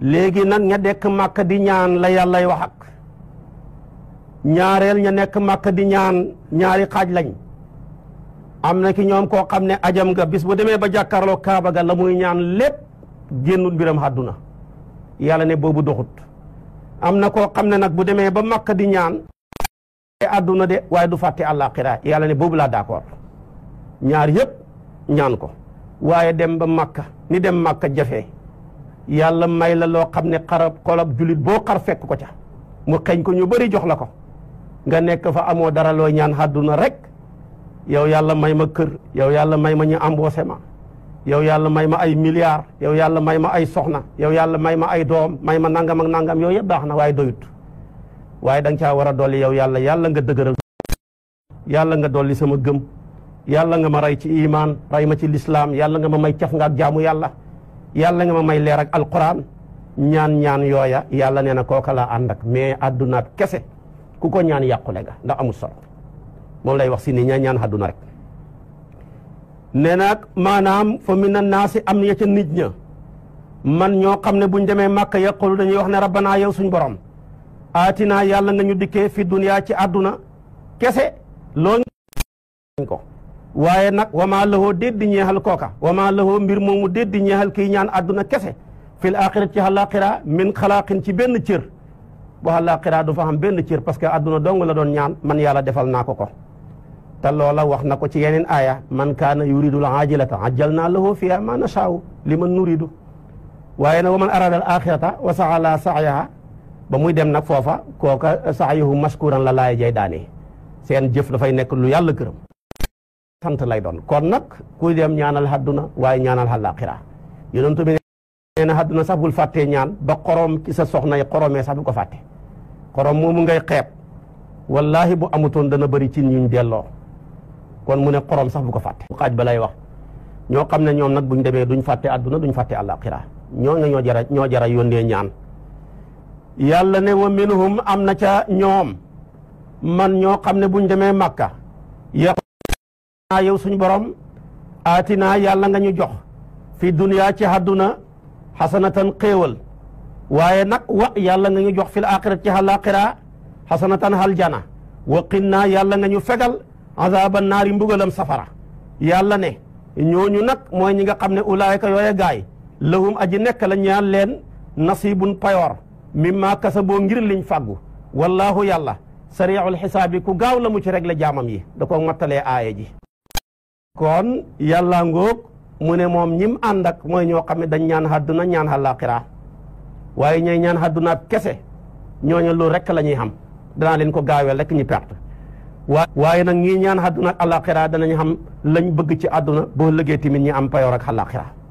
léegi nag ña dekk màkk di ñaan la yàllay wax ak ñaareel ña nekk màkk di ñaan ñaari xaaj lañ am na ki ñoom koo xam ne ajam nga bis bu demee ba jàkkaarloo kaaba ga la muy ñaan lépp génnul mbiram àdduna yàlla ne boobu doxut am na koo xam ne nag bu demee ba màkk di ñaan àdduna de waaye du fàtte àllaaxira yàlla ne boobu laa d'accord ñaar yëpp ñaan ko waaye dem ba màkka ni dem màkka jafe yàlla may la loo xam ne xarab xolab julit boo kar fekk ko ca mu xeñ ko ñu bari jox la ko nga nekk fa amoo dara loo ñaan àdduna rek yow yàlla may ma kër yow yàlla may ma ñu embauché ma yow yàlla may ma ay milliards yow yàlla may ma ay soxna yow yàlla may ma ay doom may ma nangam ak nangam yooyu yëpp daax na waaye doyut waaye da nga caa war a dolli yow yàlla yàlla nga dëgëral yàlla nga dolli sama gëm yàlla nga ma rey ci imaan rey ma ci lislaam yàlla nga ma may caf nga ak jaamu yàlla yàlla nga ma may leer ak alquran ñaan ñaan yooya yàlla nee na kooka laa ànd ak mais àdduna kese ku ko ñaan yàqule ga ndax amul sol moom lay wax si ni ña ñaan àdduna rek nee nag maanaam fa min naasi am na nit ña man ñoo xam ne buñ demee màkk yaqulu dañuy wax ne rabbana yow suñ borom aatinaa yàlla nga ñu dikkee fi duniyaa ci àdduna kese loo ko waaye nag wamaa lahoo déddi ñeexal kooka wamaa lahoo mbir moomu di ñeexal kiy ñaan àdduna kese fil axira ci àllaaxira min xalaaqin ci benn cër bu àllaaxira du fa benn cër parce que àdduna dong la doon ñaan man yàlla defal naa ko ko te loola wax na ko ci yeneen aaya man kaana yuridul ajilata ajjalnaa lahu fiha ma nashaa'u liman nuridu waaye nag wa man araadal axirata wa sa'a laha sa'yaha ba muy dem nag foofa kooka sa'yuhu mashkuran la laay jay daane seen jëf dafay nekk lu yàlla gërëm sant lay doon kon nag kuy dem ñaanal hadduna waaye ñaanal àllaaxira yonent bi nee na hadduna sax bul fàttee ñaan ba xorom ci sa soxna yi xoromee sax bu ko fàtte xorom moomu ngay xeeb wallaahi bu amutoon dana bëri ci ñuñ delloo kon mu ne xorom sax bu ko fàtte xaaj ba lay wax ñoo xam ne ñoom nag buñ demee duñ fàtte adduna duñ fàtte àllaaxira ñoo nga ñoo jara ñoo jara yónnee ñaan yàlla ne wa minhum am na ca ñoom man ñoo xam ne buñ demee màkka naa yow suñu borom aatinaa yàlla nga ñu jox fi duniyaa ci àdduna xasanatan xéewal waaye nag wa yàlla nga ñu jox fil axirat ci àllaaxira xasanatan aljana wa kin naa yàlla nga ñu fegal azaaba naari mbugalam safara yàlla ne ñooñu nag mooy ñi nga xam ne ulaayka yooye gaay lahum aji nekk la ñaan leen nasibun payoor mimma kasaboo ngir liñ fàggu wallaahu yàlla sariixul xisaabi ku gaaw la mu ci rek jaamam yi da ko mattalee aaya ji kon yàlla ngóog mu ne moom ñim ànd ak mooy ñoo xam ne dañ ñaan àdduna ñaan àllaaxira waaye ñooy ñaan àdduna ab kese ñooñu lu rek la ñuy xam danaa leen ko gaaweel rek ñu perte waaye nag ñii ñaan àdduna ak àllaaxira danañ xam lañ bëgg ci àdduna boo lëggee timit ñi am payoor ak àllaaxira